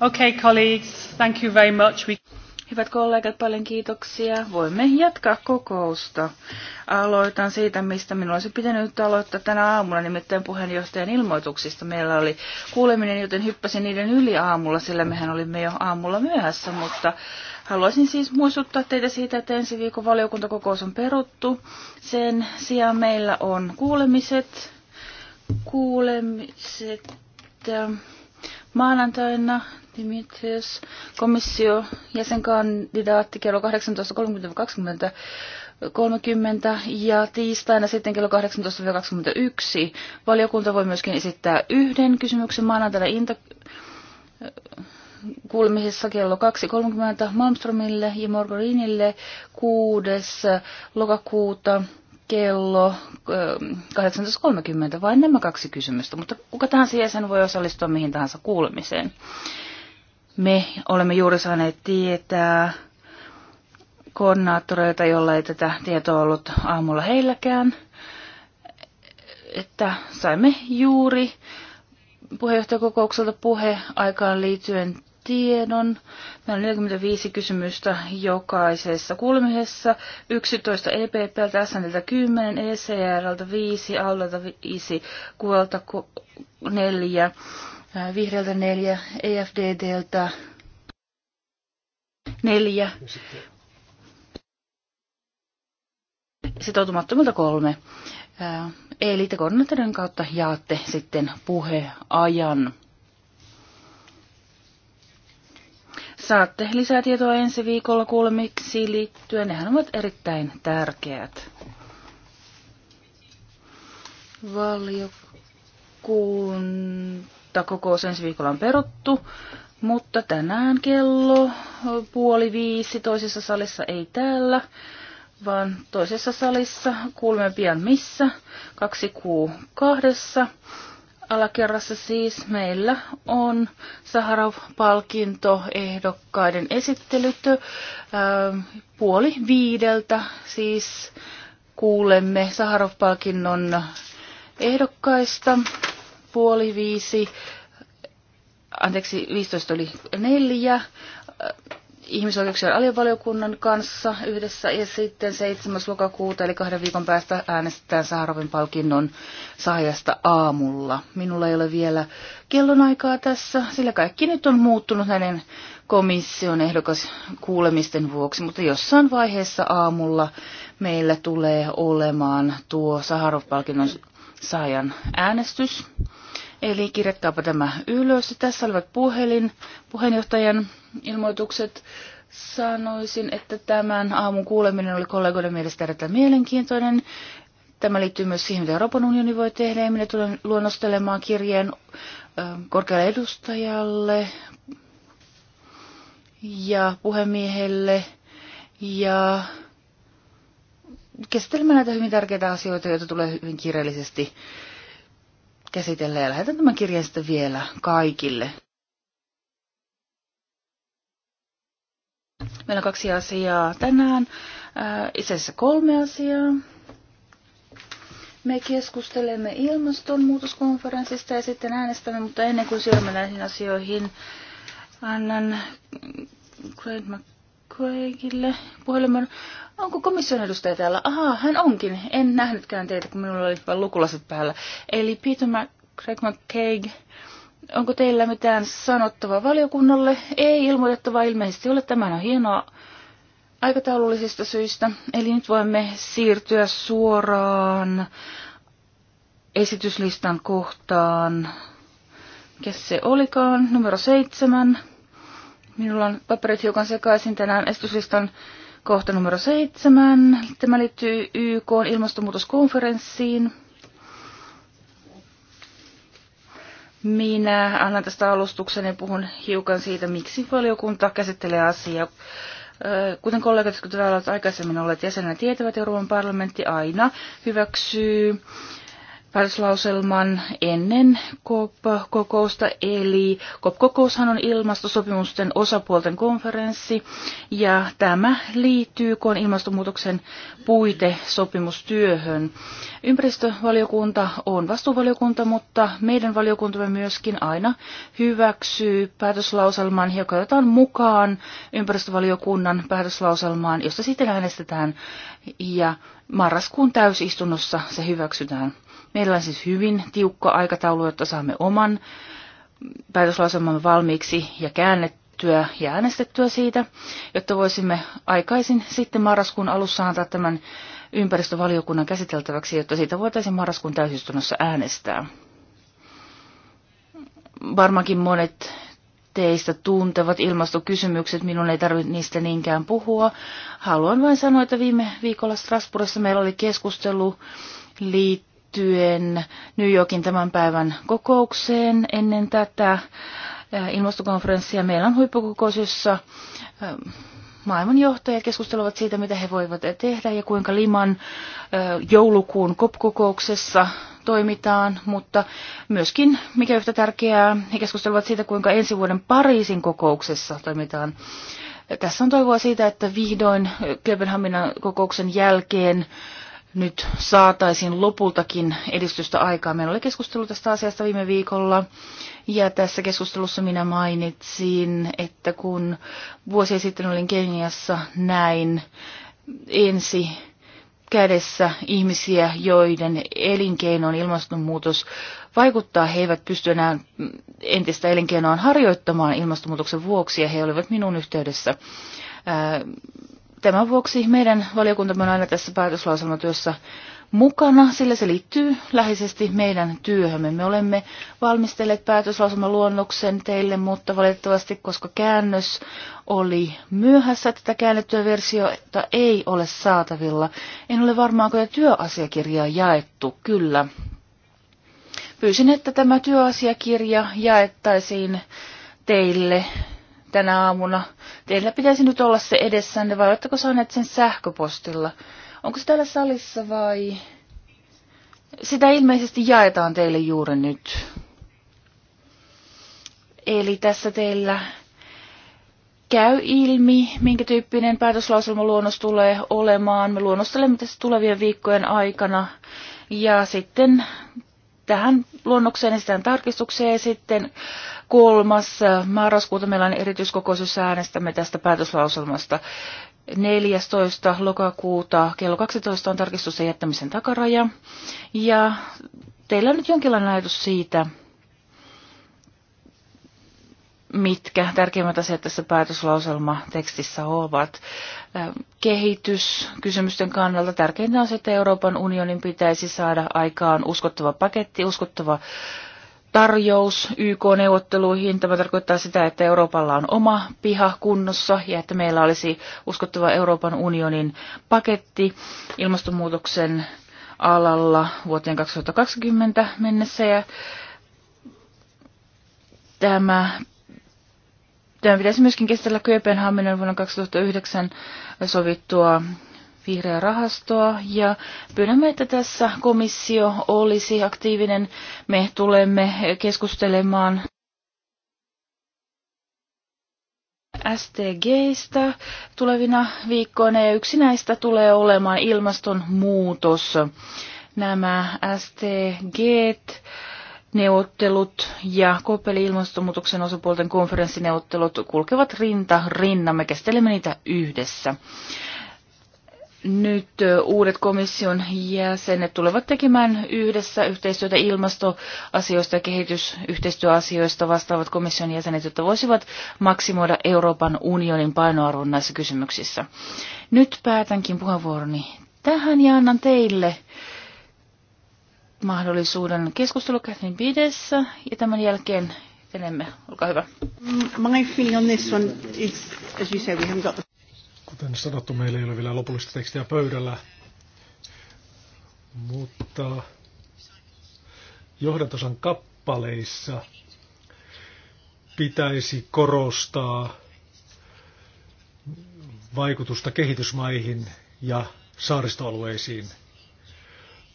Okay, colleagues, thank you very much. We... Hyvät kollegat, paljon kiitoksia. Voimme jatkaa kokousta. Aloitan siitä, mistä minun olisi pitänyt aloittaa tänä aamuna, nimittäin puheenjohtajan ilmoituksista. Meillä oli kuuleminen, joten hyppäsin niiden yli aamulla, sillä mehän olimme jo aamulla myöhässä, mutta haluaisin siis muistuttaa teitä siitä, että ensi viikon valiokuntakokous on peruttu. Sen sijaan meillä on kuulemiset, kuulemiset, ähm, Maanantaina Dimitrius, komissio jäsenkandidaatti kello 18.30 30 ja tiistaina sitten kello 18-21. Valiokunta voi myöskin esittää yhden kysymyksen maanantaina Inta kuulemisessa kello 2.30 Malmströmille ja Morgorinille 6. lokakuuta kello 18.30, ähm, vain nämä kaksi kysymystä, mutta kuka tahansa jäsen voi osallistua mihin tahansa kuulemiseen. Me olemme juuri saaneet tietää koordinaattoreita, jolla ei tätä tietoa ollut aamulla heilläkään, että saimme juuri puheenjohtajakokoukselta puhe aikaan liittyen tiedon. Meillä on 45 kysymystä jokaisessa kuulemisessa. 11 EPPltä, SNLtä 10, ECRltä 5, Allalta 5, Kuelta 4, Vihreältä 4, EFDDltä 4, sitoutumattomilta kolme. Äh, eli te kautta jaatte sitten puheajan. Saatte lisää tietoa ensi viikolla kuulemiksi liittyen. Nehän ovat erittäin tärkeät. Valiokunta kokous ensi viikolla on peruttu, mutta tänään kello puoli viisi toisessa salissa ei täällä, vaan toisessa salissa kuulemme pian missä, kaksi kuu kahdessa alakerrassa siis meillä on Saharov-palkinto ehdokkaiden esittelyt puoli viideltä. Siis kuulemme Saharov-palkinnon ehdokkaista puoli viisi, anteeksi 15 oli neljä ihmisoikeuksien aliovaliokunnan kanssa yhdessä ja sitten 7. lokakuuta eli kahden viikon päästä äänestetään Saharovin palkinnon saajasta aamulla. Minulla ei ole vielä kellonaikaa tässä, sillä kaikki nyt on muuttunut näiden komission ehdokas kuulemisten vuoksi, mutta jossain vaiheessa aamulla meillä tulee olemaan tuo Saharov-palkinnon saajan äänestys. Eli kirjatkaapa tämä ylös. Tässä olivat puhelin, puheenjohtajan ilmoitukset. Sanoisin, että tämän aamun kuuleminen oli kollegoiden mielestä erittäin mielenkiintoinen. Tämä liittyy myös siihen, mitä Euroopan unioni voi tehdä. minä tulen luonnostelemaan kirjeen korkealle edustajalle ja puhemiehelle ja käsittelemään näitä hyvin tärkeitä asioita, joita tulee hyvin kiireellisesti käsitellä ja lähetän tämän kirjeen sitten vielä kaikille. Meillä on kaksi asiaa tänään, äh, itse asiassa kolme asiaa. Me keskustelemme ilmastonmuutoskonferenssista ja sitten äänestämme, mutta ennen kuin siirrymme näihin asioihin, annan Craig McCraigille puhelimen. Onko komission edustaja täällä? Ahaa, hän onkin. En nähnytkään teitä, kun minulla oli vain lukulaset päällä. Eli Peter McCraig McCaig Onko teillä mitään sanottavaa valiokunnalle? Ei ilmoitettavaa ilmeisesti ole. Tämä on hienoa aikataulullisista syistä. Eli nyt voimme siirtyä suoraan esityslistan kohtaan. Mikä se olikaan? Numero seitsemän. Minulla on paperit hiukan sekaisin tänään. Esityslistan kohta numero seitsemän. Tämä liittyy YK ilmastonmuutoskonferenssiin. Minä annan tästä alustuksen ja puhun hiukan siitä, miksi valiokunta käsittelee asiaa. Kuten kollegat, jotka täällä ovat aikaisemmin olleet jäsenenä, tietävät, Euroopan parlamentti aina hyväksyy päätöslauselman ennen COP-kokousta, eli COP-kokoushan on ilmastosopimusten osapuolten konferenssi, ja tämä liittyy kun ilmastonmuutoksen sopimustyöhön. Ympäristövaliokunta on vastuuvaliokunta, mutta meidän valiokuntamme myöskin aina hyväksyy päätöslauselman, joka otetaan mukaan ympäristövaliokunnan päätöslauselmaan, josta sitten äänestetään, ja marraskuun täysistunnossa se hyväksytään. Meillä on siis hyvin tiukka aikataulu, jotta saamme oman päätöslauselmamme valmiiksi ja käännettyä ja äänestettyä siitä, jotta voisimme aikaisin sitten marraskuun alussa antaa tämän ympäristövaliokunnan käsiteltäväksi, jotta siitä voitaisiin marraskuun täysistunnossa äänestää. Varmaankin monet teistä tuntevat ilmastokysymykset, minun ei tarvitse niistä niinkään puhua. Haluan vain sanoa, että viime viikolla Strasbourgissa meillä oli keskustelu liittyen liittyen New Yorkin tämän päivän kokoukseen ennen tätä ilmastokonferenssia. Meillä on huippukokous, jossa maailman johtajat keskustelevat siitä, mitä he voivat tehdä ja kuinka Liman joulukuun COP-kokouksessa toimitaan, mutta myöskin, mikä yhtä tärkeää, he keskustelevat siitä, kuinka ensi vuoden Pariisin kokouksessa toimitaan. Tässä on toivoa siitä, että vihdoin Kööpenhaminan kokouksen jälkeen nyt saataisiin lopultakin edistystä aikaa. Meillä oli keskustelu tästä asiasta viime viikolla ja tässä keskustelussa minä mainitsin, että kun vuosi sitten olin Keniassa näin ensi kädessä ihmisiä, joiden elinkeinoon ilmastonmuutos vaikuttaa. He eivät pysty enää entistä elinkeinoaan harjoittamaan ilmastonmuutoksen vuoksi ja he olivat minun yhteydessä Tämän vuoksi meidän valiokuntamme on aina tässä päätöslauselmatyössä mukana, sillä se liittyy läheisesti meidän työhömme. Me olemme valmistelleet päätöslauselmaluonnoksen teille, mutta valitettavasti, koska käännös oli myöhässä, tätä käännettyä versiota ei ole saatavilla. En ole varma, jo työasiakirjaa jaettu. Kyllä. Pyysin, että tämä työasiakirja jaettaisiin teille tänä aamuna. Teillä pitäisi nyt olla se edessänne, vai oletteko saaneet sen sähköpostilla? Onko se täällä salissa vai... Sitä ilmeisesti jaetaan teille juuri nyt. Eli tässä teillä käy ilmi, minkä tyyppinen päätöslauselmaluonnos tulee olemaan. Me luonnostelemme tässä tulevien viikkojen aikana. Ja sitten tähän luonnokseen esitän tarkistuksia ja sitten kolmas marraskuuta meillä on erityiskokous, jossa äänestämme tästä päätöslauselmasta. 14. lokakuuta kello 12 on tarkistusten jättämisen takaraja. Ja teillä on nyt jonkinlainen ajatus siitä, mitkä tärkeimmät asiat tässä päätöslauselmatekstissä ovat. Kehitys kysymysten kannalta tärkeintä on se, että Euroopan unionin pitäisi saada aikaan uskottava paketti, uskottava tarjous YK-neuvotteluihin. Tämä tarkoittaa sitä, että Euroopalla on oma piha kunnossa ja että meillä olisi uskottava Euroopan unionin paketti ilmastonmuutoksen alalla vuoteen 2020 mennessä. Ja tämä Tämän pitäisi myöskin kestellä Kööpenhaminan vuonna 2009 sovittua vihreää rahastoa ja pyydämme, että tässä komissio olisi aktiivinen. Me tulemme keskustelemaan STGistä tulevina viikkoina ja yksi näistä tulee olemaan ilmastonmuutos. Nämä STGt neuvottelut ja Kopeli ilmastonmuutoksen osapuolten konferenssineuvottelut kulkevat rinta rinnan. Me käsittelemme niitä yhdessä. Nyt uudet komission jäsenet tulevat tekemään yhdessä yhteistyötä ilmastoasioista ja kehitysyhteistyöasioista vastaavat komission jäsenet, jotta voisivat maksimoida Euroopan unionin painoarvon näissä kysymyksissä. Nyt päätänkin puheenvuoroni tähän ja annan teille mahdollisuuden keskustelu Catherine Bides ja tämän jälkeen etenemme. Olkaa hyvä. Mm, my feeling on this one is, as you said, we haven't got the... Kuten sanottu, meillä ei ole vielä lopullista tekstiä pöydällä, mutta johdantosan kappaleissa pitäisi korostaa vaikutusta kehitysmaihin ja saaristoalueisiin.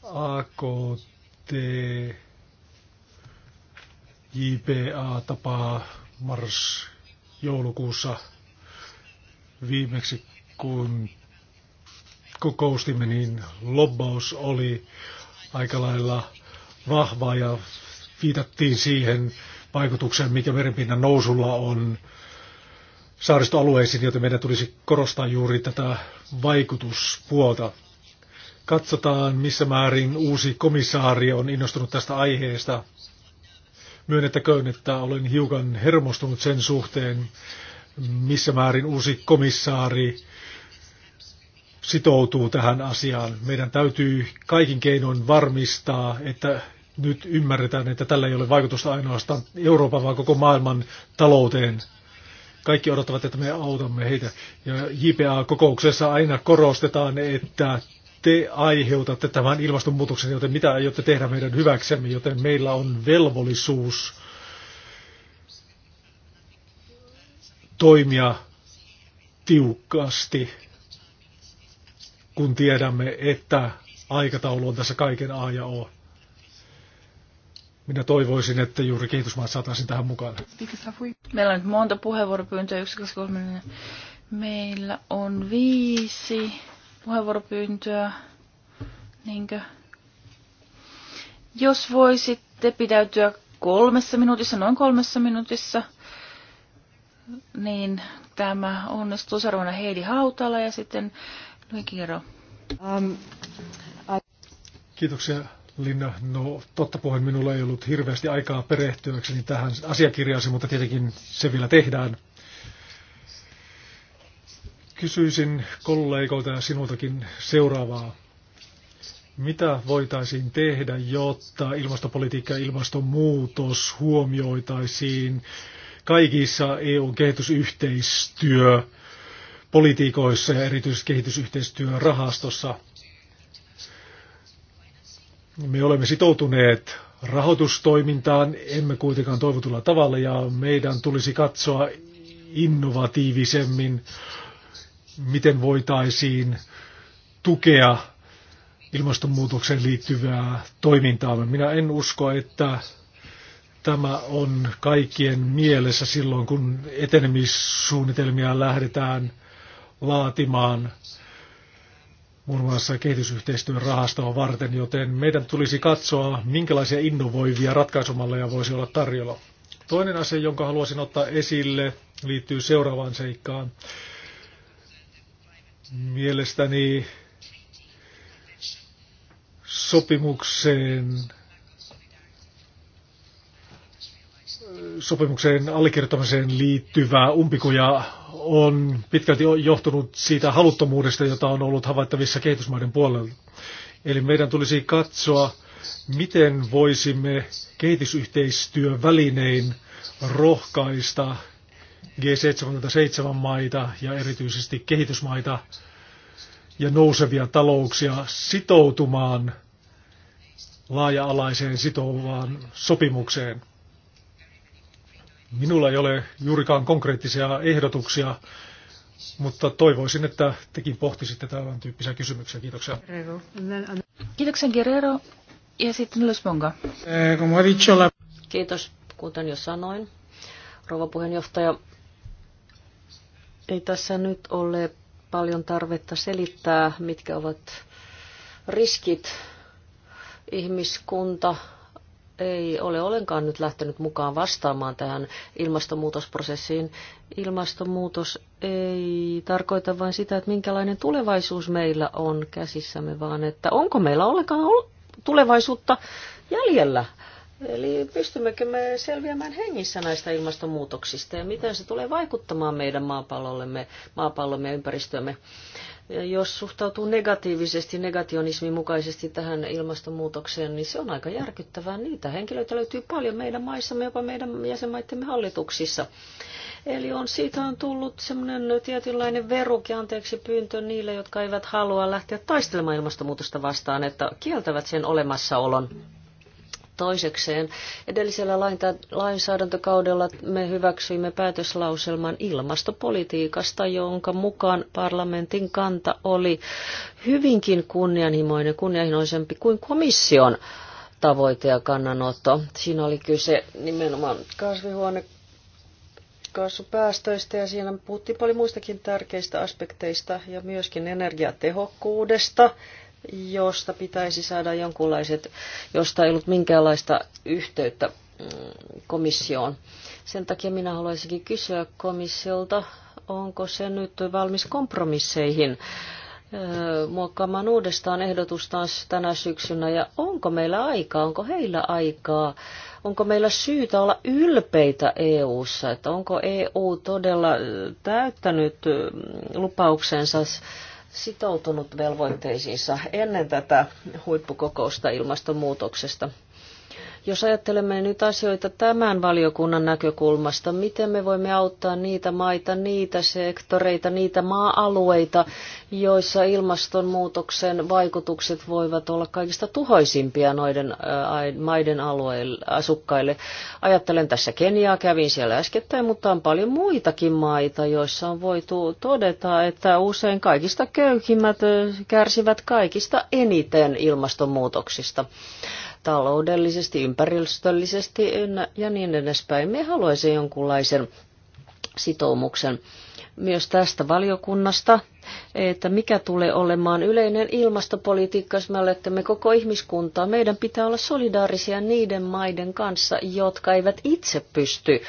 AKT tee JPA tapaa mars-joulukuussa viimeksi, kun kokoustimme, niin lobbaus oli aika lailla vahva ja viitattiin siihen vaikutukseen, mikä merenpinnan nousulla on saaristoalueisiin, joten meidän tulisi korostaa juuri tätä vaikutuspuolta. Katsotaan, missä määrin uusi komissaari on innostunut tästä aiheesta. Myönnettäköön, että olen hiukan hermostunut sen suhteen, missä määrin uusi komissaari sitoutuu tähän asiaan. Meidän täytyy kaikin keinoin varmistaa, että nyt ymmärretään, että tällä ei ole vaikutusta ainoastaan Euroopan, vaan koko maailman talouteen. Kaikki odottavat, että me autamme heitä. Ja JPA-kokouksessa aina korostetaan, että te aiheutatte tämän ilmastonmuutoksen, joten mitä aiotte tehdä meidän hyväksemme, joten meillä on velvollisuus toimia tiukasti, kun tiedämme, että aikataulu on tässä kaiken A ja O. Minä toivoisin, että juuri kehitysmaat saataisiin tähän mukaan. Meillä on nyt monta puheenvuoropyyntöä, yksi, kaksi, kolme. Meillä on viisi puheenvuoropyyntöä. Niinkö? Jos voisitte pidäytyä kolmessa minuutissa, noin kolmessa minuutissa, niin tämä onnistuu seuraavana Heidi Hautala ja sitten Lui Kiro. Um, I... Kiitoksia Linna. No totta puheen minulla ei ollut hirveästi aikaa perehtyäkseni tähän asiakirjaasi, mutta tietenkin se vielä tehdään. Kysyisin kollegoilta ja sinultakin seuraavaa. Mitä voitaisiin tehdä, jotta ilmastopolitiikka ja ilmastonmuutos huomioitaisiin kaikissa EUn kehitysyhteistyö politiikoissa ja erityisesti kehitysyhteistyörahastossa. Me olemme sitoutuneet rahoitustoimintaan, emme kuitenkaan toivotulla tavalla, ja meidän tulisi katsoa innovatiivisemmin miten voitaisiin tukea ilmastonmuutokseen liittyvää toimintaa. Minä en usko, että tämä on kaikkien mielessä silloin, kun etenemissuunnitelmia lähdetään laatimaan muun muassa kehitysyhteistyön rahastoa varten, joten meidän tulisi katsoa, minkälaisia innovoivia ratkaisumalleja voisi olla tarjolla. Toinen asia, jonka haluaisin ottaa esille, liittyy seuraavaan seikkaan. Mielestäni sopimukseen sopimukseen allekirjoittamiseen liittyvää umpikuja on pitkälti johtunut siitä haluttomuudesta, jota on ollut havaittavissa kehitysmaiden puolella. Eli meidän tulisi katsoa, miten voisimme kehitysyhteistyövälinein rohkaista G77-maita ja erityisesti kehitysmaita ja nousevia talouksia sitoutumaan laaja-alaiseen sitouvaan sopimukseen. Minulla ei ole juurikaan konkreettisia ehdotuksia, mutta toivoisin, että tekin pohtisitte tämän tyyppisiä kysymyksiä. Kiitoksia. Kiitoksia Guerrero ja sitten Luis Bonga. Eh, Kiitos, kuten jo sanoin. Rouva puheenjohtaja, ei tässä nyt ole paljon tarvetta selittää, mitkä ovat riskit. Ihmiskunta ei ole ollenkaan nyt lähtenyt mukaan vastaamaan tähän ilmastonmuutosprosessiin. Ilmastonmuutos ei tarkoita vain sitä, että minkälainen tulevaisuus meillä on käsissämme, vaan että onko meillä ollenkaan tulevaisuutta jäljellä Eli pystymmekö me selviämään hengissä näistä ilmastonmuutoksista ja miten se tulee vaikuttamaan meidän maapallollemme, maapallomme ja Ja Jos suhtautuu negatiivisesti, negationismin mukaisesti tähän ilmastonmuutokseen, niin se on aika järkyttävää. Niitä henkilöitä löytyy paljon meidän maissamme, jopa meidän jäsenmaittemme hallituksissa. Eli on, siitä on tullut semmoinen tietynlainen veruki, anteeksi pyyntö niille, jotka eivät halua lähteä taistelemaan ilmastonmuutosta vastaan, että kieltävät sen olemassaolon. Toisekseen edellisellä lainsäädäntökaudella me hyväksyimme päätöslauselman ilmastopolitiikasta, jonka mukaan parlamentin kanta oli hyvinkin kunnianhimoinen, kunnianhimoisempi kuin komission tavoite ja kannanotto. Siinä oli kyse nimenomaan kasvihuone kasvupäästöistä ja siinä puhuttiin paljon muistakin tärkeistä aspekteista ja myöskin energiatehokkuudesta josta pitäisi saada jonkunlaiset, josta ei ollut minkäänlaista yhteyttä mm, komissioon. Sen takia minä haluaisinkin kysyä komissiolta, onko se nyt valmis kompromisseihin muokkaamaan uudestaan ehdotustaan tänä syksynä ja onko meillä aikaa, onko heillä aikaa, onko meillä syytä olla ylpeitä EU:ssa, että onko EU todella täyttänyt mm, lupauksensa sitoutunut velvoitteisiinsa ennen tätä huippukokousta ilmastonmuutoksesta – jos ajattelemme nyt asioita tämän valiokunnan näkökulmasta, miten me voimme auttaa niitä maita, niitä sektoreita, niitä maa-alueita, joissa ilmastonmuutoksen vaikutukset voivat olla kaikista tuhoisimpia noiden maiden alueille, asukkaille. Ajattelen tässä Keniaa, kävin siellä äskettäin, mutta on paljon muitakin maita, joissa on voitu todeta, että usein kaikista köyhimmät kärsivät kaikista eniten ilmastonmuutoksista taloudellisesti, ympäristöllisesti ja niin edespäin. Me haluaisimme jonkunlaisen sitoumuksen myös tästä valiokunnasta, että mikä tulee olemaan yleinen ilmastopolitiikka, jos me olemme koko ihmiskuntaa. Meidän pitää olla solidaarisia niiden maiden kanssa, jotka eivät itse pysty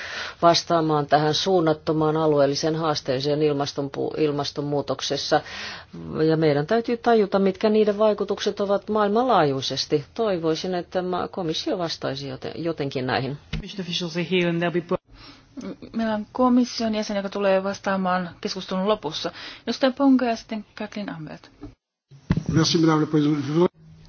vastaamaan tähän suunnattomaan alueelliseen haasteeseen ilmastonmuutoksessa. Ja meidän täytyy tajuta, mitkä niiden vaikutukset ovat maailmanlaajuisesti. Toivoisin, että komissio vastaisi jotenkin näihin. Meillä on komission jäsen, joka tulee vastaamaan keskustelun lopussa. Jostain Ponga ja sitten Kathleen Ambert.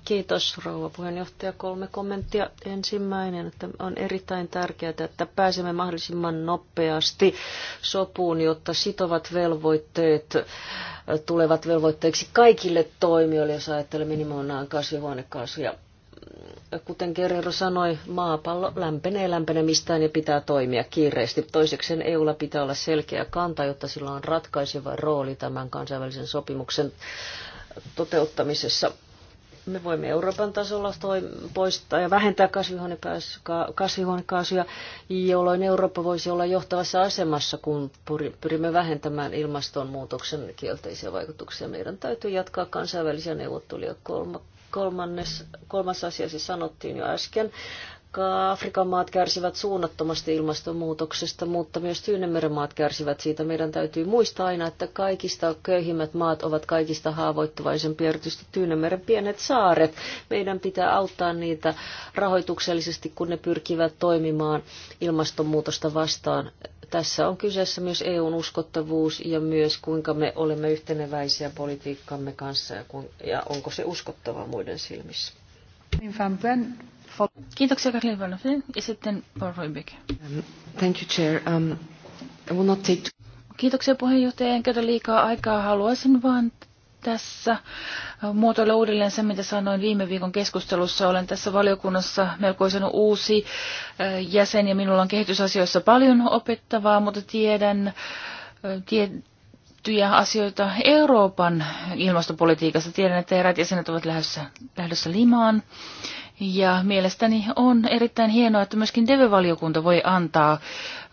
Kiitos rouva puheenjohtaja. Kolme kommenttia. Ensimmäinen, että on erittäin tärkeää, että pääsemme mahdollisimman nopeasti sopuun, jotta sitovat velvoitteet tulevat velvoitteiksi kaikille toimijoille, jos ajattelee minimoinaan kasvihuonekaasuja kuten Guerrero sanoi, maapallo lämpenee lämpenemistään ja pitää toimia kiireesti. Toiseksi EUlla pitää olla selkeä kanta, jotta sillä on ratkaiseva rooli tämän kansainvälisen sopimuksen toteuttamisessa. Me voimme Euroopan tasolla poistaa ja vähentää kasvihuonekaasuja, jolloin Eurooppa voisi olla johtavassa asemassa, kun pyrimme vähentämään ilmastonmuutoksen kielteisiä vaikutuksia. Meidän täytyy jatkaa kansainvälisiä neuvotteluja. Kolmannes, kolmas asia siis sanottiin jo äsken. Afrikan maat kärsivät suunnattomasti ilmastonmuutoksesta, mutta myös Tyynemeren maat kärsivät siitä. Meidän täytyy muistaa aina, että kaikista köyhimmät maat ovat kaikista haavoittuvaisempia, erityisesti Tyynemeren pienet saaret. Meidän pitää auttaa niitä rahoituksellisesti, kun ne pyrkivät toimimaan ilmastonmuutosta vastaan tässä on kyseessä myös EUn uskottavuus ja myös kuinka me olemme yhteneväisiä politiikkamme kanssa ja, kun, ja onko se uskottava muiden silmissä. Kiitoksia Karin Valofin ja sitten Paul Rubik. Thank you, Chair. Um, I will not take... Kiitoksia puheenjohtaja, en käytä liikaa aikaa. Haluaisin vain tässä muotoilla uudelleen se, mitä sanoin viime viikon keskustelussa. Olen tässä valiokunnassa melkoisen uusi eh, jäsen ja minulla on kehitysasioissa paljon opettavaa, mutta tiedän, eh, tiettyjä asioita Euroopan ilmastopolitiikassa. Tiedän, että erät jäsenet ovat lähdössä, lähdössä Limaan ja mielestäni on erittäin hienoa, että myöskin DEVE-valiokunta voi antaa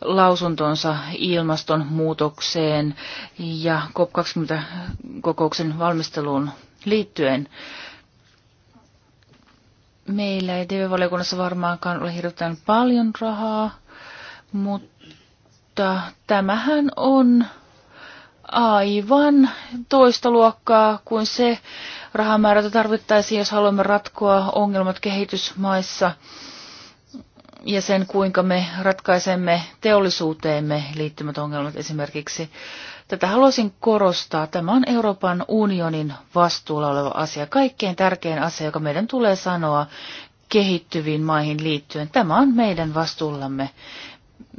lausuntonsa ilmastonmuutokseen ja COP20-kokouksen valmisteluun liittyen. Meillä ei DEVE-valiokunnassa varmaankaan ole hirveän paljon rahaa, mutta tämähän on aivan toista luokkaa kuin se, rahamäärätä tarvittaisiin, jos haluamme ratkoa ongelmat kehitysmaissa ja sen, kuinka me ratkaisemme teollisuuteemme liittymät ongelmat esimerkiksi. Tätä haluaisin korostaa. Tämä on Euroopan unionin vastuulla oleva asia, kaikkein tärkein asia, joka meidän tulee sanoa kehittyviin maihin liittyen. Tämä on meidän vastuullamme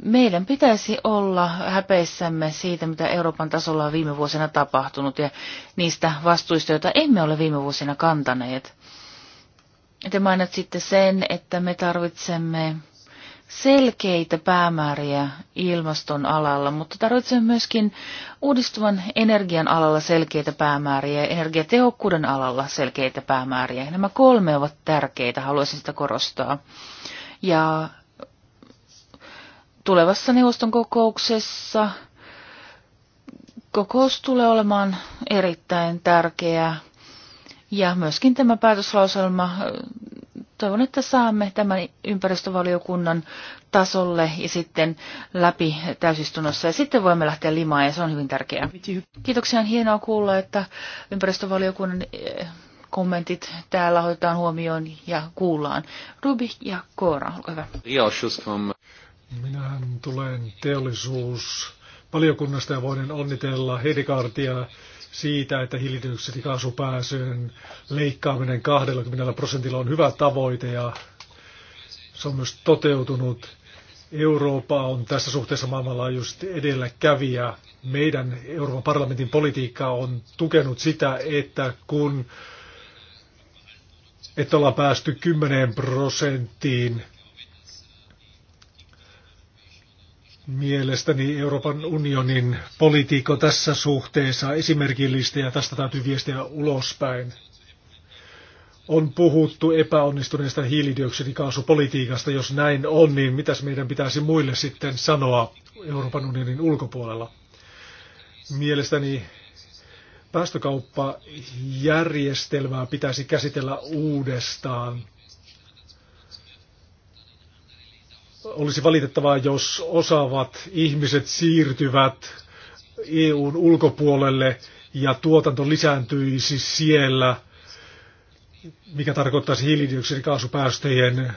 meidän pitäisi olla häpeissämme siitä, mitä Euroopan tasolla on viime vuosina tapahtunut ja niistä vastuista, joita emme ole viime vuosina kantaneet. Te mainitsitte sen, että me tarvitsemme selkeitä päämääriä ilmaston alalla, mutta tarvitsemme myöskin uudistuvan energian alalla selkeitä päämääriä ja energiatehokkuuden alalla selkeitä päämääriä. Nämä kolme ovat tärkeitä, haluaisin sitä korostaa. Ja tulevassa neuvoston kokouksessa kokous tulee olemaan erittäin tärkeä. Ja myöskin tämä päätöslauselma, toivon, että saamme tämän ympäristövaliokunnan tasolle ja sitten läpi täysistunnossa. Ja sitten voimme lähteä limaan ja se on hyvin tärkeää. Kiitoksia, on hienoa kuulla, että ympäristövaliokunnan kommentit täällä hoitetaan huomioon ja kuullaan. Rubi ja Koora, olkaa hyvä. Minähän tulen teollisuus ja voin onnitella Hedikaartia siitä, että hiilidioksidikaasupääsyn leikkaaminen 20 prosentilla on hyvä tavoite ja se on myös toteutunut. Eurooppa on tässä suhteessa maailmanlaajuisesti edelläkävijä. Meidän Euroopan parlamentin politiikka on tukenut sitä, että kun että ollaan päästy 10 prosenttiin Mielestäni Euroopan unionin politiikko tässä suhteessa esimerkillistä ja tästä täytyy viestiä ulospäin. On puhuttu epäonnistuneesta hiilidioksidikaasupolitiikasta. Jos näin on, niin mitäs meidän pitäisi muille sitten sanoa Euroopan unionin ulkopuolella? Mielestäni päästökauppajärjestelmää pitäisi käsitellä uudestaan Olisi valitettavaa, jos osaavat ihmiset siirtyvät EUn ulkopuolelle ja tuotanto lisääntyisi siellä, mikä tarkoittaisi hiilidioksidikaasupäästöjen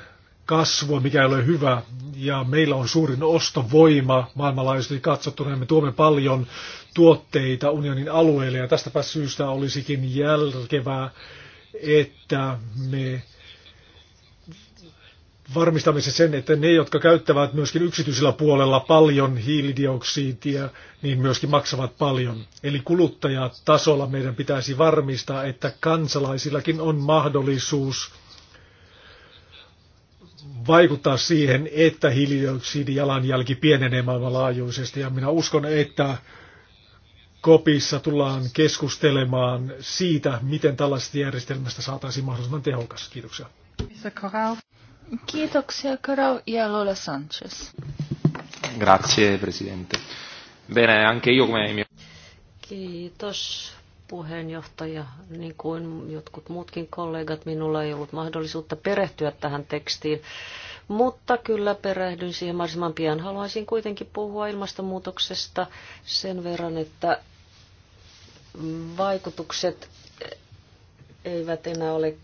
kasvua, mikä ei ole hyvä. Ja meillä on suurin ostovoima maailmanlaajuisesti katsottuna. Me tuomme paljon tuotteita unionin alueelle ja tästä syystä olisikin järkevää, että me varmistamisen sen, että ne, jotka käyttävät myöskin yksityisellä puolella paljon hiilidioksidia, niin myöskin maksavat paljon. Eli kuluttajatasolla meidän pitäisi varmistaa, että kansalaisillakin on mahdollisuus vaikuttaa siihen, että hiilidioksidijalanjälki pienenee maailmanlaajuisesti. Ja minä uskon, että kopissa tullaan keskustelemaan siitä, miten tällaisesta järjestelmästä saataisiin mahdollisimman tehokas. Kiitoksia. Kiitoksia, Karau ja Lola Sanchez. Grazie, presidente. Bene, anche io come... Kiitos, puheenjohtaja. Niin kuin jotkut muutkin kollegat, minulla ei ollut mahdollisuutta perehtyä tähän tekstiin. Mutta kyllä perehdyn siihen mahdollisimman pian. Haluaisin kuitenkin puhua ilmastonmuutoksesta sen verran, että vaikutukset eivät enää ole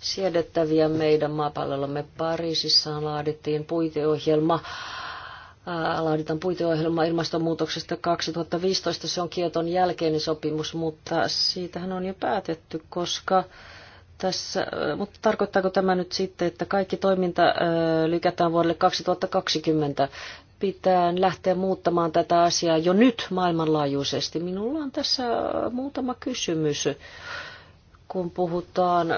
siedettäviä meidän maapallollamme. Pariisissa laadittiin puiteohjelma laaditaan puiteohjelma ilmastonmuutoksesta 2015. Se on kieton jälkeinen sopimus, mutta siitähän on jo päätetty, koska tässä, mutta tarkoittaako tämä nyt sitten, että kaikki toiminta lykätään vuodelle 2020? Pitää lähteä muuttamaan tätä asiaa jo nyt maailmanlaajuisesti. Minulla on tässä muutama kysymys kun puhutaan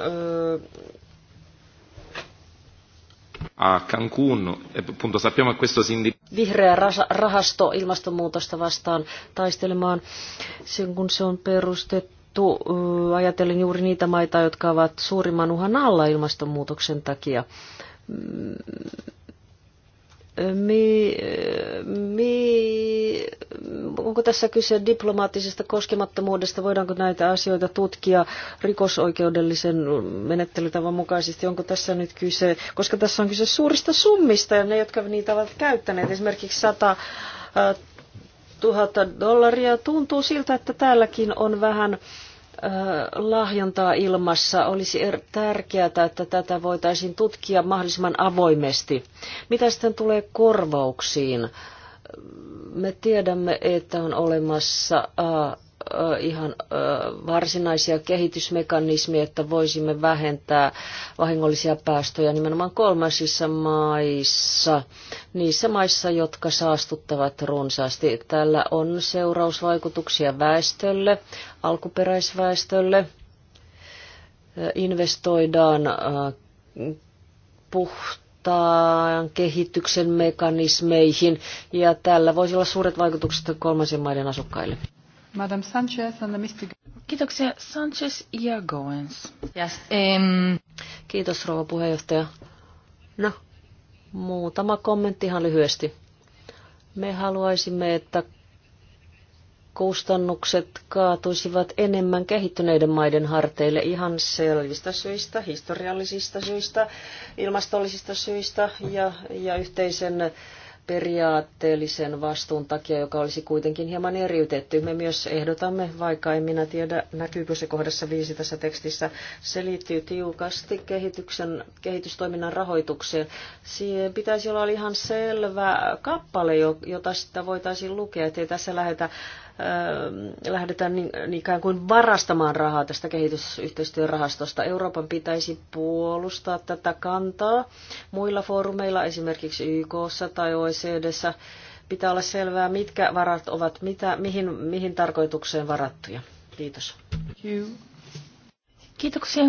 a Cancun, e, punto sappiamo che questo si Vihreä rahasto ilmastonmuutosta vastaan taistelemaan, sen kun se on perustettu, ajatellen juuri niitä maita, jotka ovat suurimman uhan alla ilmastonmuutoksen takia. Mm, Mi, mi, onko tässä kyse diplomaattisesta koskemattomuudesta? Voidaanko näitä asioita tutkia rikosoikeudellisen menettelytavan mukaisesti? Onko tässä nyt kyse, koska tässä on kyse suurista summista ja ne, jotka niitä ovat käyttäneet, esimerkiksi 100 000 äh, dollaria, tuntuu siltä, että täälläkin on vähän äh, lahjontaa ilmassa, olisi er, tärkeää, että tätä voitaisiin tutkia mahdollisimman avoimesti. Mitä sitten tulee korvauksiin? Me tiedämme, että on olemassa ihan varsinaisia kehitysmekanismeja, että voisimme vähentää vahingollisia päästöjä nimenomaan kolmansissa maissa, niissä maissa, jotka saastuttavat runsaasti. Tällä on seurausvaikutuksia väestölle, alkuperäisväestölle. Investoidaan puhtaan puhtaan kehityksen mekanismeihin, ja tällä voisi olla suuret vaikutukset kolmansien maiden asukkaille. Madam Sanchez and Mr. Kiitoksia Sanchez ja Goens. Yes, um... Kiitos rouva puheenjohtaja. No, muutama kommentti ihan lyhyesti. Me haluaisimme, että kustannukset kaatuisivat enemmän kehittyneiden maiden harteille ihan selvistä syistä, historiallisista syistä, ilmastollisista syistä ja, ja yhteisen periaatteellisen vastuun takia, joka olisi kuitenkin hieman eriytetty. Me myös ehdotamme, vaikka en minä tiedä näkyykö se kohdassa viisi tässä tekstissä, se liittyy tiukasti kehityksen, kehitystoiminnan rahoitukseen. Siihen pitäisi olla ihan selvä kappale, jota sitä voitaisiin lukea, ettei tässä lähetä lähdetään niin, niin, ikään kuin varastamaan rahaa tästä kehitysyhteistyörahastosta. Euroopan pitäisi puolustaa tätä kantaa muilla foorumeilla, esimerkiksi YK tai OECDssä. Pitää olla selvää, mitkä varat ovat mitä, mihin, mihin tarkoitukseen varattuja. Kiitos. Kiitoksia.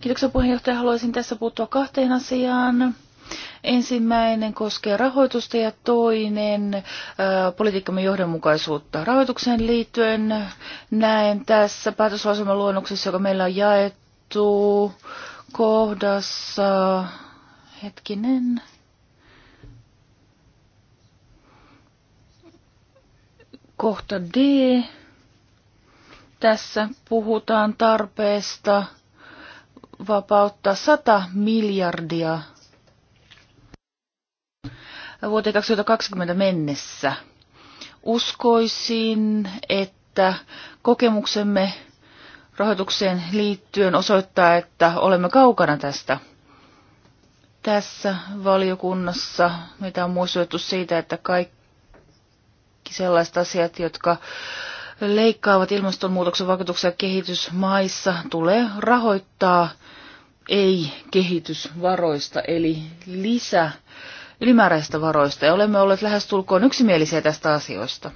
Kiitoksia puheenjohtaja. Haluaisin tässä puuttua kahteen asiaan. Ensimmäinen koskee rahoitusta ja toinen politiikkamme johdonmukaisuutta. Rahoitukseen liittyen näen tässä luonnoksessa, joka meillä on jaettu kohdassa, hetkinen, kohta D. Tässä puhutaan tarpeesta vapauttaa 100 miljardia vuoteen 2020 mennessä. Uskoisin, että kokemuksemme rahoitukseen liittyen osoittaa, että olemme kaukana tästä. Tässä valiokunnassa meitä on muistutettu siitä, että kaikki sellaiset asiat, jotka leikkaavat ilmastonmuutoksen vaikutuksia kehitysmaissa, tulee rahoittaa ei-kehitysvaroista, eli lisää ylimääräisistä varoista ja olemme olleet lähestulkoon yksimielisiä tästä asioista.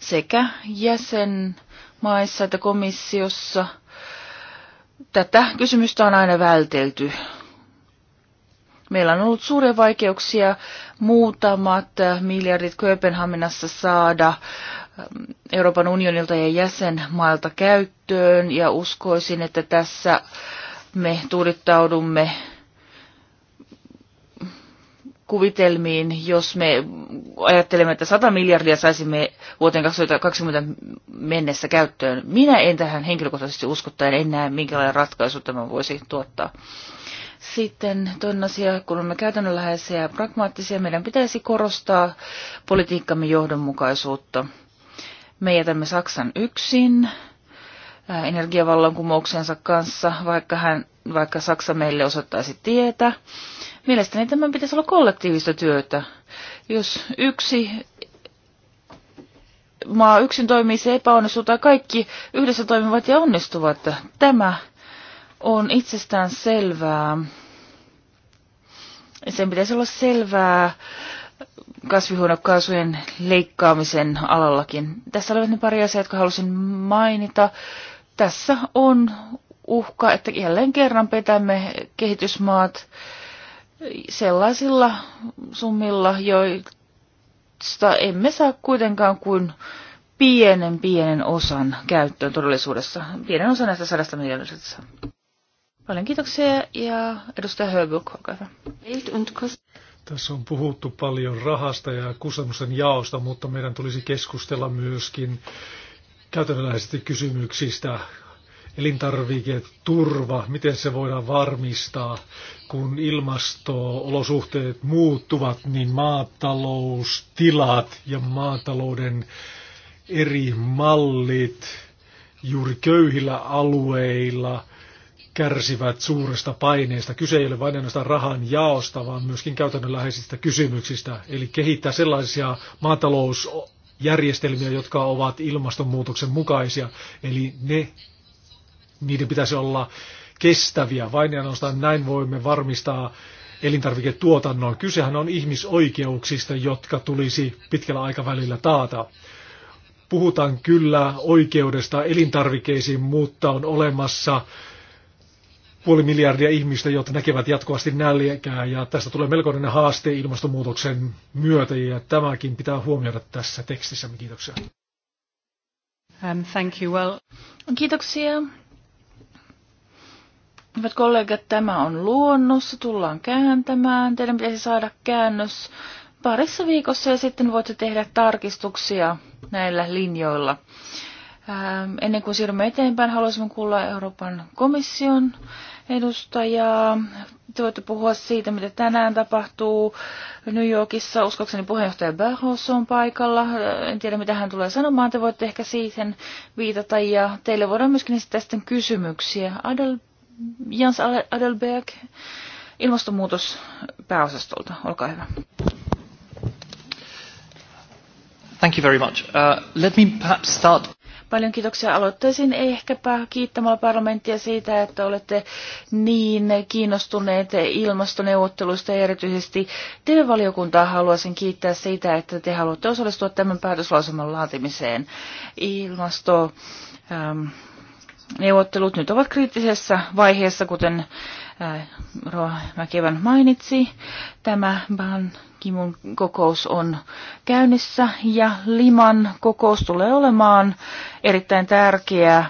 Sekä jäsenmaissa että komissiossa tätä kysymystä on aina vältelty. Meillä on ollut suuria vaikeuksia muutamat miljardit Kööpenhaminassa saada ähm, Euroopan unionilta ja jäsenmailta käyttöön ja uskoisin, että tässä me tuudittaudumme kuvitelmiin, jos me ajattelemme, että 100 miljardia saisimme vuoteen 2020 mennessä käyttöön. Minä en tähän henkilökohtaisesti uskottaen en näe, minkälainen ratkaisu tämä voisi tuottaa. Sitten toinen asia, kun olemme käytännönläheisiä ja pragmaattisia, meidän pitäisi korostaa politiikkamme johdonmukaisuutta. Me jätämme Saksan yksin, energiavallankumouksensa kanssa, vaikka, hän, vaikka Saksa meille osoittaisi tietä. Mielestäni tämä pitäisi olla kollektiivista työtä. Jos yksi maa yksin toimii, se epäonnistuu, tai kaikki yhdessä toimivat ja onnistuvat. Tämä on itsestään selvää. Sen pitäisi olla selvää kasvihuonekaasujen leikkaamisen alallakin. Tässä olivat ne pari asiaa, jotka halusin mainita tässä on uhka, että jälleen kerran petämme kehitysmaat sellaisilla summilla, joista emme saa kuitenkaan kuin pienen pienen osan käyttöön todellisuudessa. Pienen osan näistä sadasta miljoonasta. Paljon kiitoksia ja edustaja Höbuk, olkaa hyvä. Tässä on puhuttu paljon rahasta ja kustannusten jaosta, mutta meidän tulisi keskustella myöskin käytännöllisesti kysymyksistä. Elintarviketurva, miten se voidaan varmistaa, kun ilmasto-olosuhteet muuttuvat, niin maataloustilat ja maatalouden eri mallit juuri köyhillä alueilla kärsivät suuresta paineesta. Kyse ei ole vain ainoastaan rahan jaosta, vaan myöskin käytännönläheisistä kysymyksistä. Eli kehittää sellaisia maatalous järjestelmiä, jotka ovat ilmastonmuutoksen mukaisia. Eli ne, niiden pitäisi olla kestäviä. Vain ja ainoastaan näin voimme varmistaa elintarviketuotannon. Kysehän on ihmisoikeuksista, jotka tulisi pitkällä aikavälillä taata. Puhutaan kyllä oikeudesta elintarvikeisiin, mutta on olemassa puoli miljardia ihmistä, jotka näkevät jatkuvasti nälkää ja tästä tulee melkoinen haaste ilmastonmuutoksen myötä ja tämäkin pitää huomioida tässä tekstissä. Kiitoksia. Um, thank you. Well... Kiitoksia. Hyvät kollegat, tämä on luonnossa, tullaan kääntämään. Teidän pitäisi saada käännös parissa viikossa ja sitten voitte tehdä tarkistuksia näillä linjoilla. Um, ennen kuin siirrymme eteenpäin, haluaisimme kuulla Euroopan komission edustajaa. Te voitte puhua siitä, mitä tänään tapahtuu New Yorkissa. Uskokseni puheenjohtaja Barros on paikalla. En tiedä, mitä hän tulee sanomaan. Te voitte ehkä siihen viitata. Ja teille voidaan myöskin esittää sitten kysymyksiä. Adel, Jans Adelberg, ilmastonmuutos pääosastolta. Olkaa hyvä. Thank you very much. Uh, let me perhaps start Paljon kiitoksia. Aloittaisin ehkäpä kiittämällä parlamenttia siitä, että olette niin kiinnostuneet ilmastoneuvotteluista ja erityisesti teidän valiokuntaa haluaisin kiittää siitä, että te haluatte osallistua tämän päätöslausuman laatimiseen. Ilmasto, ähm, neuvottelut nyt ovat kriittisessä vaiheessa, kuten Äh, Roa Mäkevän mainitsi. Tämä Ban Kimun kokous on käynnissä ja Liman kokous tulee olemaan erittäin tärkeä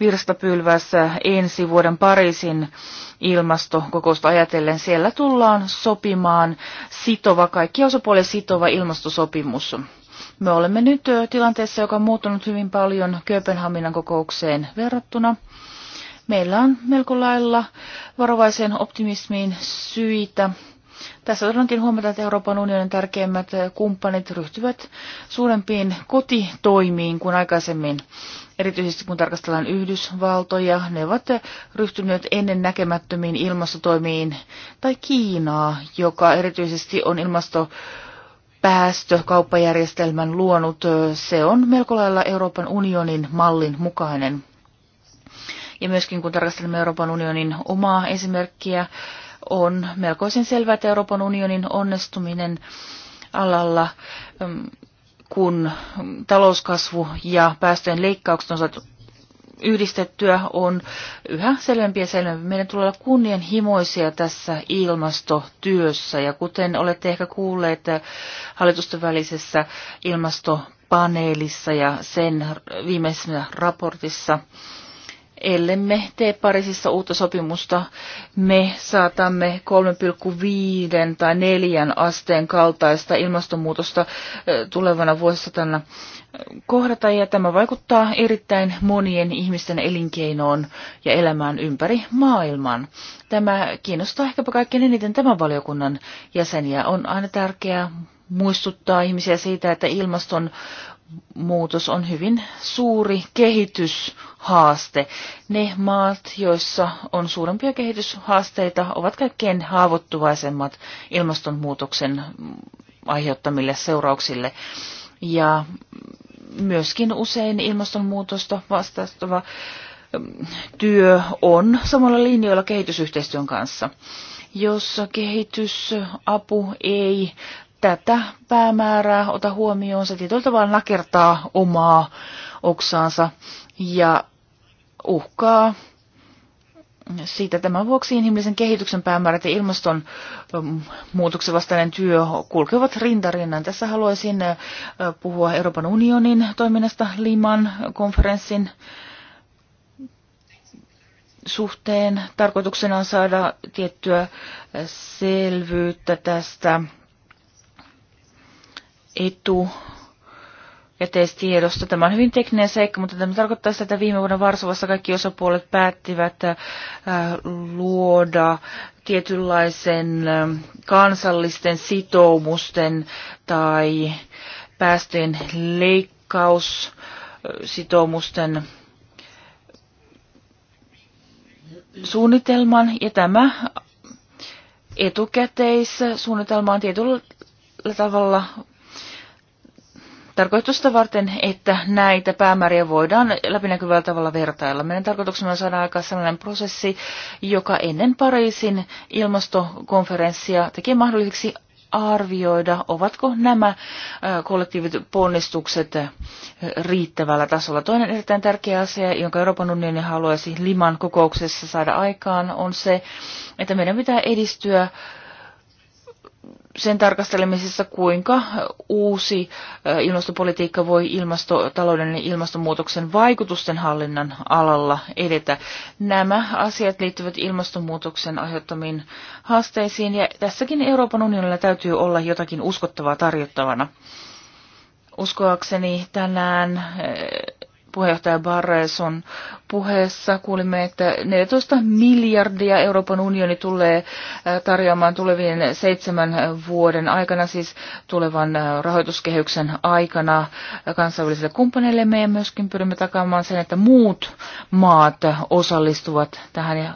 virstapylvässä ensi vuoden Pariisin ilmastokokousta ajatellen. Siellä tullaan sopimaan sitova, kaikki osapuolia sitova ilmastosopimus. Me olemme nyt tilanteessa, joka on muuttunut hyvin paljon Kööpenhaminan kokoukseen verrattuna meillä on melko lailla varovaiseen optimismiin syitä. Tässä todellakin huomataan, että Euroopan unionin tärkeimmät kumppanit ryhtyvät suurempiin kotitoimiin kuin aikaisemmin. Erityisesti kun tarkastellaan Yhdysvaltoja, ne ovat ryhtyneet ennen näkemättömiin ilmastotoimiin, tai Kiinaa, joka erityisesti on ilmasto päästökauppajärjestelmän luonut. Se on melko lailla Euroopan unionin mallin mukainen ja myöskin kun tarkastelemme Euroopan unionin omaa esimerkkiä, on melkoisen selvää, että Euroopan unionin onnistuminen alalla, mm, kun talouskasvu ja päästöjen leikkaukset on saatu yhdistettyä on yhä selvempi ja selvempi. Meidän tulee olla kunnianhimoisia tässä ilmastotyössä ja kuten olette ehkä kuulleet hallitusten välisessä ilmastopaneelissa ja sen viimeisessä raportissa, ellemme tee Pariisissa uutta sopimusta, me saatamme 3,5 tai 4 asteen kaltaista ilmastonmuutosta tulevana vuosisatana kohdata, ja tämä vaikuttaa erittäin monien ihmisten elinkeinoon ja elämään ympäri maailman. Tämä kiinnostaa ehkäpä kaikkein eniten tämän valiokunnan jäseniä. On aina tärkeää muistuttaa ihmisiä siitä, että ilmaston muutos on hyvin suuri kehityshaaste. Ne maat, joissa on suurempia kehityshaasteita, ovat kaikkein haavoittuvaisemmat ilmastonmuutoksen aiheuttamille seurauksille. Ja myöskin usein ilmastonmuutosta vastaava työ on samalla linjoilla kehitysyhteistyön kanssa. Jos kehitysapu ei tätä päämäärää ota huomioon. Se tietyllä tavalla nakertaa omaa oksaansa ja uhkaa siitä tämän vuoksi inhimillisen kehityksen päämäärät ja ilmastonmuutoksen ähm, vastainen työ kulkevat rintarinnan. Tässä haluaisin äh, puhua Euroopan unionin toiminnasta Liman konferenssin suhteen. Tarkoituksena on saada tiettyä selvyyttä tästä etu tiedosta. Tämä on hyvin tekninen seikka, mutta tämä tarkoittaa sitä, että viime vuonna Varsovassa kaikki osapuolet päättivät äh, luoda tietynlaisen äh, kansallisten sitoumusten tai päästöjen leikkaussitoumusten äh, suunnitelman, ja tämä suunnitelma on tietyllä tavalla tarkoitusta varten, että näitä päämääriä voidaan läpinäkyvällä tavalla vertailla. Meidän tarkoituksena on saada aikaan sellainen prosessi, joka ennen Pariisin ilmastokonferenssia teki mahdolliseksi arvioida, ovatko nämä kollektiiviset ponnistukset riittävällä tasolla. Toinen erittäin tärkeä asia, jonka Euroopan unioni haluaisi Liman kokouksessa saada aikaan, on se, että meidän pitää edistyä sen tarkastelemisessa, kuinka uusi ilmastopolitiikka voi ilmastotalouden ja ilmastonmuutoksen vaikutusten hallinnan alalla edetä. Nämä asiat liittyvät ilmastonmuutoksen aiheuttamiin haasteisiin ja tässäkin Euroopan unionilla täytyy olla jotakin uskottavaa tarjottavana. Uskoakseni tänään puheenjohtaja on puheessa kuulimme, että 14 miljardia Euroopan unioni tulee äh, tarjoamaan tulevien seitsemän vuoden aikana, siis tulevan äh, rahoituskehyksen aikana kansainvälisille kumppaneille. Me myöskin pyrimme takaamaan sen, että muut maat osallistuvat tähän ja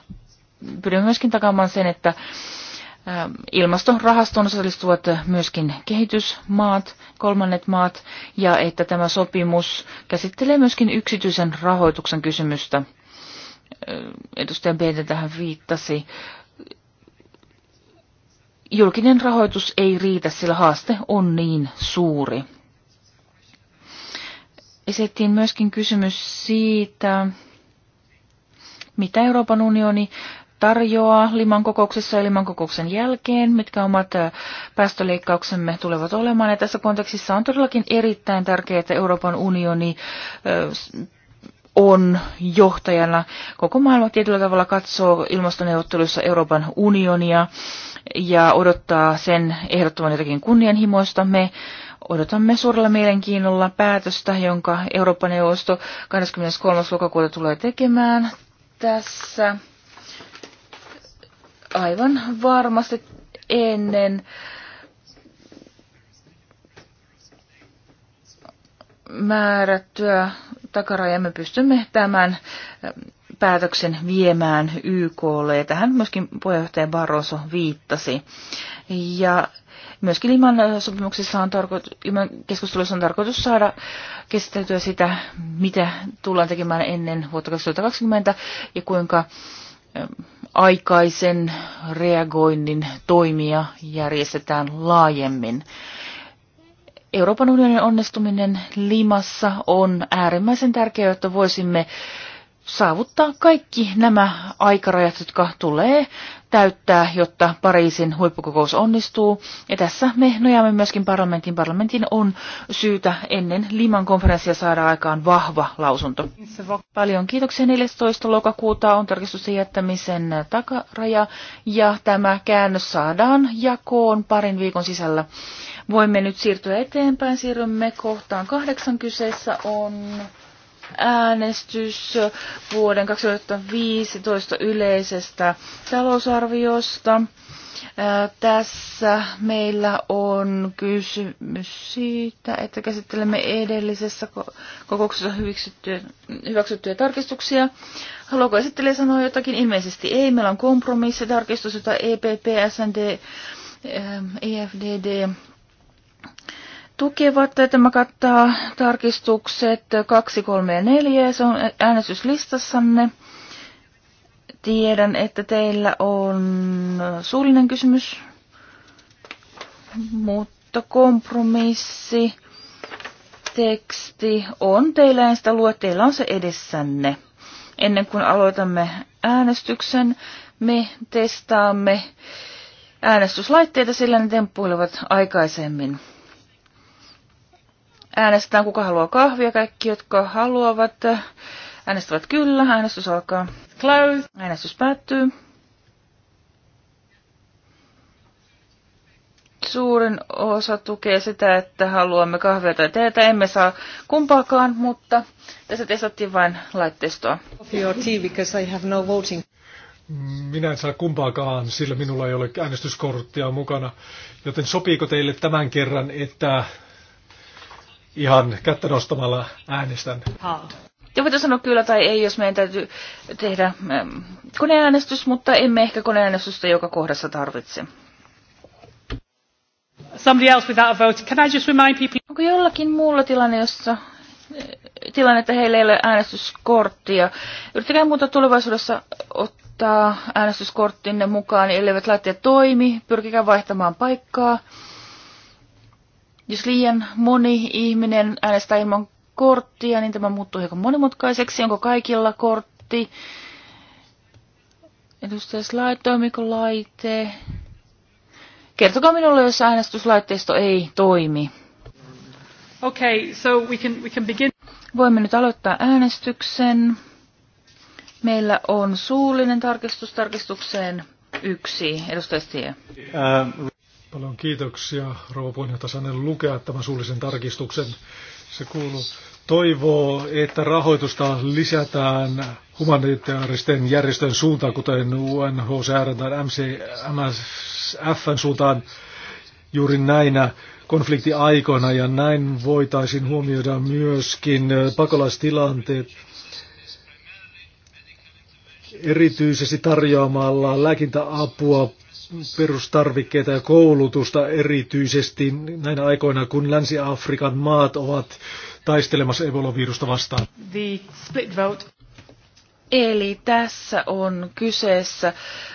pyrimme myöskin takaamaan sen, että ilmastorahastoon osallistuvat myöskin kehitysmaat, kolmannet maat, ja että tämä sopimus käsittelee myöskin yksityisen rahoituksen kysymystä. Edustaja Beete tähän viittasi. Julkinen rahoitus ei riitä, sillä haaste on niin suuri. Esettiin myöskin kysymys siitä, mitä Euroopan unioni tarjoaa Liman kokouksessa ja Liman kokouksen jälkeen, mitkä omat päästöleikkauksemme tulevat olemaan. Ja tässä kontekstissa on todellakin erittäin tärkeää, että Euroopan unioni on johtajana. Koko maailma tietyllä tavalla katsoo ilmastoneuvotteluissa Euroopan unionia ja odottaa sen ehdottoman jotakin kunnianhimoista. Me odotamme suurella mielenkiinnolla päätöstä, jonka Euroopan neuvosto 23. lokakuuta tulee tekemään tässä aivan varmasti ennen määrättyä takaraja me pystymme tämän päätöksen viemään YKlle ja tähän myöskin puheenjohtaja Barroso viittasi. Ja myöskin Liman, sopimuksessa on tarkoitus, keskustelussa on tarkoitus saada käsiteltyä sitä, mitä tullaan tekemään ennen vuotta 2020 ja kuinka aikaisen reagoinnin toimia järjestetään laajemmin. Euroopan unionin onnistuminen Limassa on äärimmäisen tärkeää, jotta voisimme saavuttaa kaikki nämä aikarajat, jotka tulee täyttää, jotta Pariisin huippukokous onnistuu. Ja tässä me nojaamme myöskin parlamentin. Parlamentin on syytä ennen Liman konferenssia saada aikaan vahva lausunto. Paljon kiitoksia 14. lokakuuta on tarkistusten jättämisen takaraja ja tämä käännös saadaan jakoon parin viikon sisällä. Voimme nyt siirtyä eteenpäin. Siirrymme kohtaan kahdeksan. Kyseessä on äänestys vuoden 2015 yleisestä talousarviosta. Tässä meillä on kysymys siitä, että käsittelemme edellisessä kokouksessa hyväksyttyjä, hyväksyttyjä tarkistuksia. Haluaako esittelijä sanoa jotakin? Ilmeisesti ei. Meillä on kompromissitarkistus, jota EPP, SND, EFDD tukevat. mä kattaa tarkistukset 2, 3 ja 4. Se on äänestyslistassanne. Tiedän, että teillä on suullinen kysymys, mutta kompromissi, teksti on teillä, en sitä lue, teillä on se edessänne. Ennen kuin aloitamme äänestyksen, me testaamme äänestyslaitteita, sillä ne temppuilevat aikaisemmin. Äänestetään kuka haluaa kahvia. Kaikki, jotka haluavat, äh, äänestävät kyllä. Äänestys alkaa. Close. Äänestys päättyy. Suurin osa tukee sitä, että haluamme kahvia tai teetä. Emme saa kumpaakaan, mutta tässä testattiin vain laitteistoa. No Minä en saa kumpaakaan, sillä minulla ei ole äänestyskorttia mukana. Joten sopiiko teille tämän kerran, että ihan kättä nostamalla äänestän. Joku Joko sanoa kyllä tai ei, jos meidän täytyy tehdä ähm, koneäänestys, mutta emme ehkä koneäänestystä joka kohdassa tarvitse. Somebody else without a vote. Can I just remind people... Onko jollakin muulla tilanne, jossa äh, tilanne, että heillä ei ole äänestyskorttia. Yrittäkää muuta tulevaisuudessa ottaa äänestyskorttinne mukaan, niin elleivät laitteet toimi. Pyrkikää vaihtamaan paikkaa. Jos liian moni ihminen äänestää ilman korttia, niin tämä muuttuu hiukan monimutkaiseksi. Onko kaikilla kortti? Edustaja Slide, toimiko laite? Kertokaa minulle, jos äänestyslaitteisto ei toimi. Okay, so we can, we can begin. Voimme nyt aloittaa äänestyksen. Meillä on suullinen tarkistus tarkistukseen yksi. Edustaja Stie. Uh, um, Paljon kiitoksia. Rouva puheenjohtaja saaneen lukea tämän suullisen tarkistuksen. Se kuuluu. Toivoo, että rahoitusta lisätään humanitaaristen järjestöjen suuntaan, kuten UNHCR tai MCMSF suuntaan juuri näinä konfliktiaikoina, ja näin voitaisiin huomioida myöskin pakolaistilanteet erityisesti tarjoamalla lääkintäapua perustarvikkeita ja koulutusta erityisesti näinä aikoina, kun Länsi-Afrikan maat ovat taistelemassa Ebola-virusta vastaan? The split vote. Eli tässä on kyseessä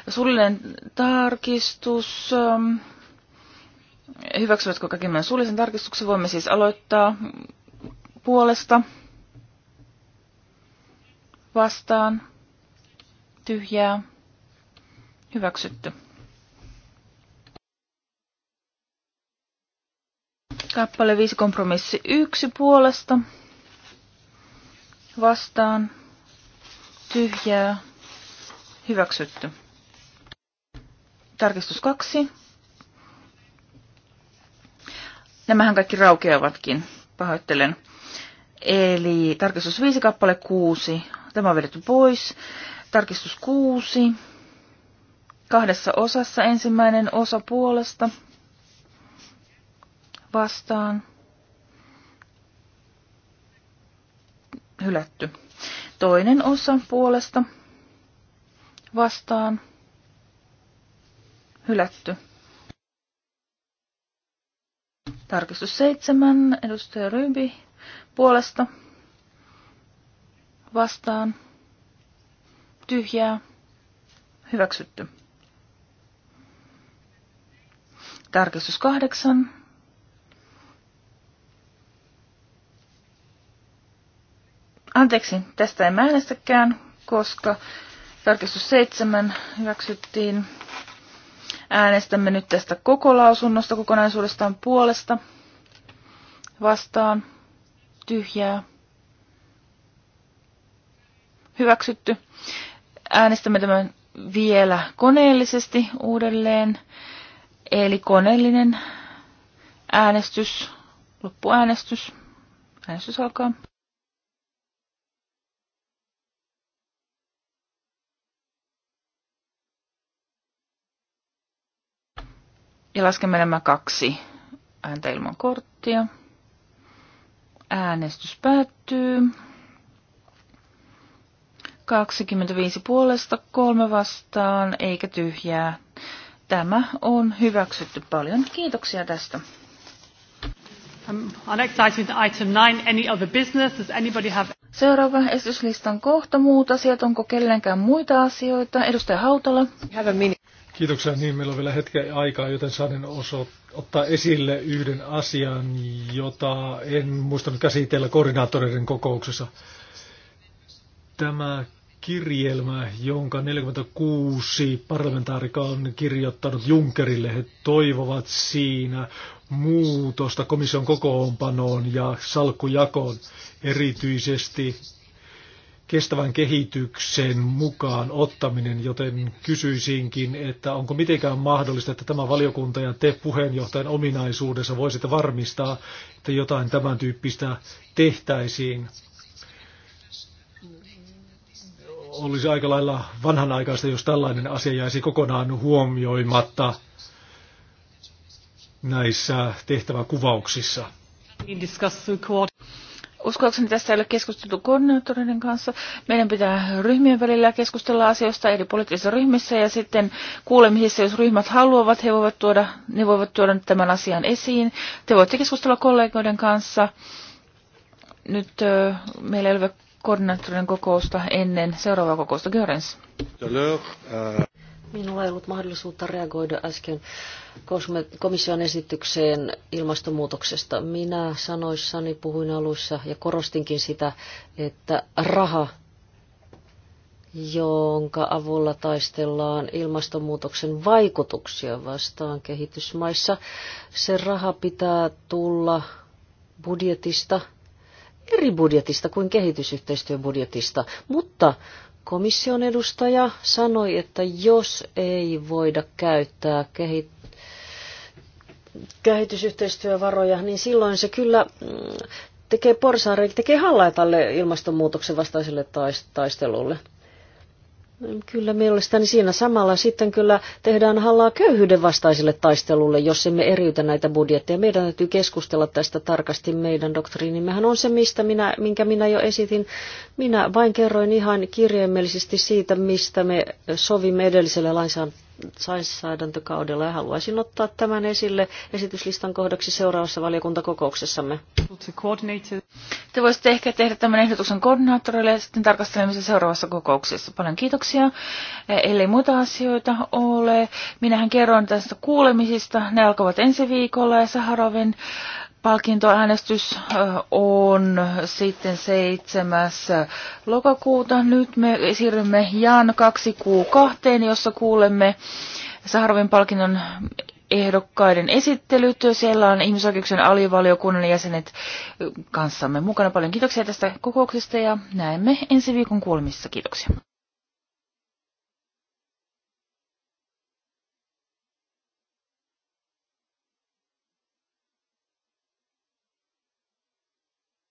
suullinen tarkistus. Ähm, hyväksyvätkö kaikki meidän suullisen tarkistuksen? Voimme siis aloittaa puolesta vastaan tyhjää hyväksytty. Kappale 5 kompromissi 1 puolesta. Vastaan. Tyhjää. Hyväksytty. Tarkistus 2. Nämähän kaikki raukeavatkin. Pahoittelen. Eli tarkistus 5 kappale 6. Tämä on vedetty pois. Tarkistus 6. Kahdessa osassa ensimmäinen osa puolesta vastaan hylätty. Toinen osa puolesta vastaan hylätty. Tarkistus seitsemän, edustaja Ryby puolesta vastaan tyhjää hyväksytty. Tarkistus kahdeksan Anteeksi, tästä en äänestäkään, koska tarkistus 7 hyväksyttiin. Äänestämme nyt tästä koko lausunnosta kokonaisuudestaan puolesta. Vastaan. Tyhjää. Hyväksytty. Äänestämme tämän vielä koneellisesti uudelleen. Eli koneellinen äänestys, loppuäänestys. Äänestys alkaa. Ja laskemme nämä kaksi ääntä ilman korttia. Äänestys päättyy. 25 puolesta, kolme vastaan, eikä tyhjää. Tämä on hyväksytty paljon. Kiitoksia tästä. Um, Seuraava esityslistan kohta muut asiat. Onko kellenkään muita asioita? Edustaja Hautala. Have a minute. Kiitoksia. Niin, meillä on vielä hetken aikaa, joten saan oso ottaa esille yhden asian, jota en muistanut käsitellä koordinaattoreiden kokouksessa. Tämä kirjelmä, jonka 46 parlamentaarika on kirjoittanut Junckerille. He toivovat siinä muutosta komission kokoonpanoon ja salkkujakoon, erityisesti kestävän kehityksen mukaan ottaminen, joten kysyisinkin, että onko mitenkään mahdollista, että tämä valiokunta ja te puheenjohtajan ominaisuudessa voisitte varmistaa, että jotain tämän tyyppistä tehtäisiin. Olisi aika lailla vanhanaikaista, jos tällainen asia jäisi kokonaan huomioimatta näissä tehtäväkuvauksissa. Uskoakseni tästä ei ole keskusteltu koordinaattoreiden kanssa. Meidän pitää ryhmien välillä keskustella asioista eri poliittisissa ryhmissä ja sitten kuulemisissa, jos ryhmät haluavat, he voivat tuoda, ne voivat tuoda tämän asian esiin. Te voitte keskustella kollegoiden kanssa. Nyt ö, meillä ei ole koordinaattorin kokousta ennen seuraavaa kokousta. Görens. Minulla ei ollut mahdollisuutta reagoida äsken komission esitykseen ilmastonmuutoksesta. Minä sanoissani puhuin alussa ja korostinkin sitä, että raha, jonka avulla taistellaan ilmastonmuutoksen vaikutuksia vastaan kehitysmaissa, se raha pitää tulla budjetista, eri budjetista kuin kehitysyhteistyöbudjetista, mutta komission edustaja sanoi, että jos ei voida käyttää kehit- kehitysyhteistyövaroja, niin silloin se kyllä mm, tekee porsaareen, tekee hallaa tälle ilmastonmuutoksen vastaiselle taistelulle. Kyllä mielestäni siinä samalla sitten kyllä tehdään hallaa köyhyyden vastaiselle taistelulle, jos emme eriytä näitä budjetteja. Meidän täytyy keskustella tästä tarkasti. Meidän doktriinimmehän on se, mistä minä, minkä minä jo esitin. Minä vain kerroin ihan kirjaimellisesti siitä, mistä me sovimme edelliselle lainsäädäntöön saisadantokaudella ja haluaisin ottaa tämän esille esityslistan kohdaksi seuraavassa valiokuntakokouksessamme. Te voisitte ehkä tehdä tämän ehdotuksen koordinaattorille ja sitten sen seuraavassa kokouksessa. Paljon kiitoksia. E, ellei muita asioita ole, minähän kerron tästä kuulemisista. Ne alkavat ensi viikolla ja Saharovin Palkintoäänestys on sitten 7. lokakuuta. Nyt me siirrymme Jan 2 q jossa kuulemme Saharovin palkinnon ehdokkaiden esittelyt. Siellä on ihmisoikeuksien alivaliokunnan jäsenet kanssamme mukana. Paljon kiitoksia tästä kokouksesta ja näemme ensi viikon kuulemissa. Kiitoksia.